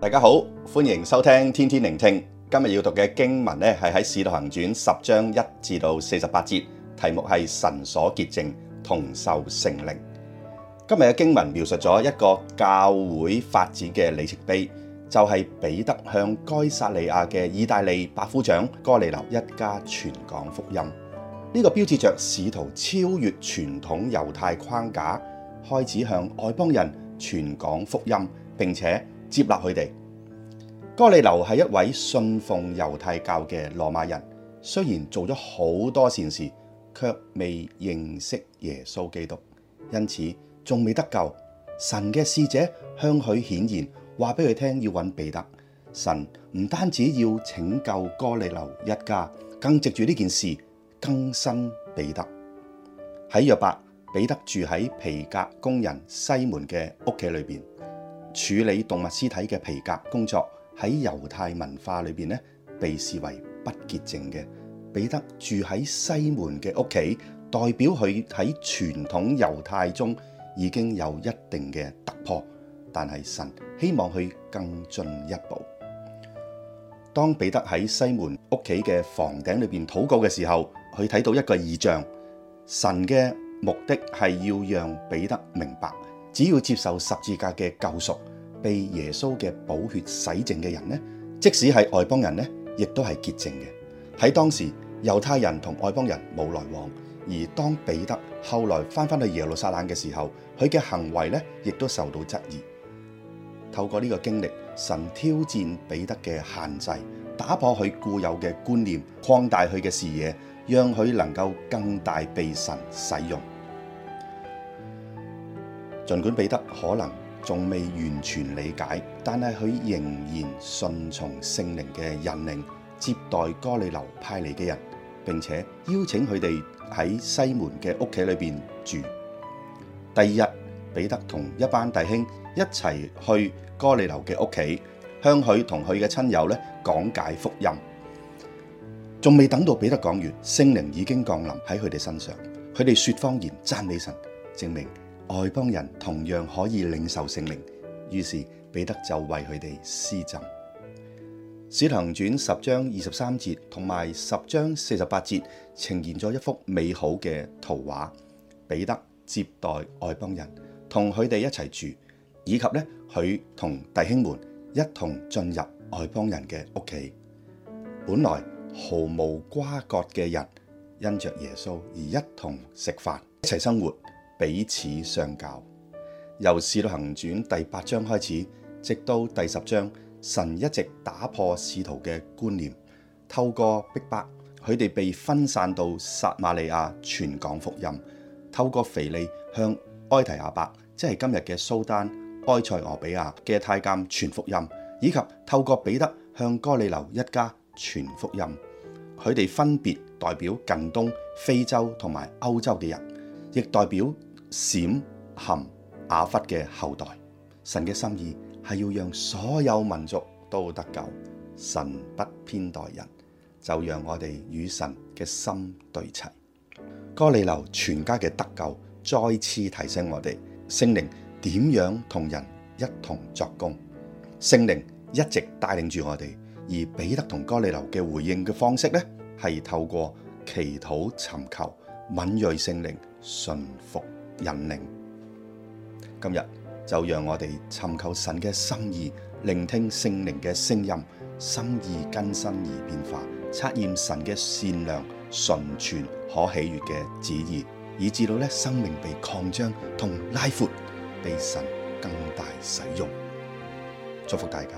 大家好，歡迎收聽天天聆聽。今日要讀嘅經文呢，係喺《使徒行傳》十章一至到四十八節，題目係神所潔淨，同受聖靈。今日嘅經文描述咗一個教會發展嘅里程碑，就係彼得向該撒利亞嘅意大利百夫長哥尼流一家傳講福音。呢、這個標誌着使徒超越傳統猶太框架，開始向外邦人傳講福音，並且，接納佢哋。哥尼流係一位信奉猶太教嘅羅馬人，雖然做咗好多善事，卻未認識耶穌基督，因此仲未得救。神嘅使者向佢顯現，話俾佢聽要揾彼得。神唔單止要拯救哥尼流一家，更藉住呢件事更新彼得。喺約帕，彼得住喺皮革工人西門嘅屋企裏邊。處理動物屍體嘅皮革工作喺猶太文化裏面呢，被視為不潔淨嘅。彼得住喺西門嘅屋企，代表佢喺傳統猶太中已經有一定嘅突破，但係神希望佢更進一步。當彼得喺西門屋企嘅房頂裡面禱告嘅時候，佢睇到一個異象。神嘅目的係要讓彼得明白。只要接受十字架嘅救贖、被耶穌嘅寶血洗淨嘅人呢，即使係外邦人呢，亦都係潔淨嘅。喺當時，猶太人同外邦人冇來往，而當彼得後來翻返去耶路撒冷嘅時候，佢嘅行為呢，亦都受到質疑。透過呢個經歷，神挑戰彼得嘅限制，打破佢固有嘅觀念，擴大佢嘅視野，讓佢能夠更大被神使用。儘管彼得可能仲未完全理解，但係佢仍然順從聖靈嘅引領，接待哥尼流派嚟嘅人，並且邀請佢哋喺西門嘅屋企裏邊住。第二日，彼得同一班弟兄一齊去哥尼流嘅屋企，向佢同佢嘅親友咧講解福音。仲未等到彼得講完，聖靈已經降臨喺佢哋身上，佢哋說方言，讚美神，證明，外邦人同樣可以領受聖靈，於是彼得就為佢哋施浸。使徒行傳十章二十三節同埋十章四十八節呈現咗一幅美好嘅圖畫：彼得接待外邦人，同佢哋一齊住，以及呢佢同弟兄們一同進入外邦人嘅屋企。本來毫無瓜葛嘅人，因着耶穌而一同食飯，一齊生活。彼此相較，由《使徒行傳》第八章開始，直到第十章，神一直打破使徒嘅觀念，透過逼迫，佢哋被分散到撒瑪利亞全港福音；透過腓利向埃提亞伯，即係今日嘅蘇丹埃塞俄比亞嘅太監全福音，以及透過彼得向哥尼流一家全福音，佢哋分別代表近東、非洲同埋歐洲嘅人，亦代表。閃含雅弗嘅後代，神嘅心意係要讓所有民族都得救，神不偏待人，就讓我哋與神嘅心對齊。哥尼流全家嘅得救，再次提醒我哋聖靈點樣同人一同作工，聖靈一直帶領住我哋，而彼得同哥尼流嘅回應嘅方式呢係透過祈禱尋求敏銳聖靈順服。人靈，今日就讓我哋尋求神嘅心意，聆聽聖靈嘅聲音，心意更新而變化，測驗神嘅善良、純全、可喜悦嘅旨意，以至到咧生命被擴張同拉闊，被神更大使用。祝福大家。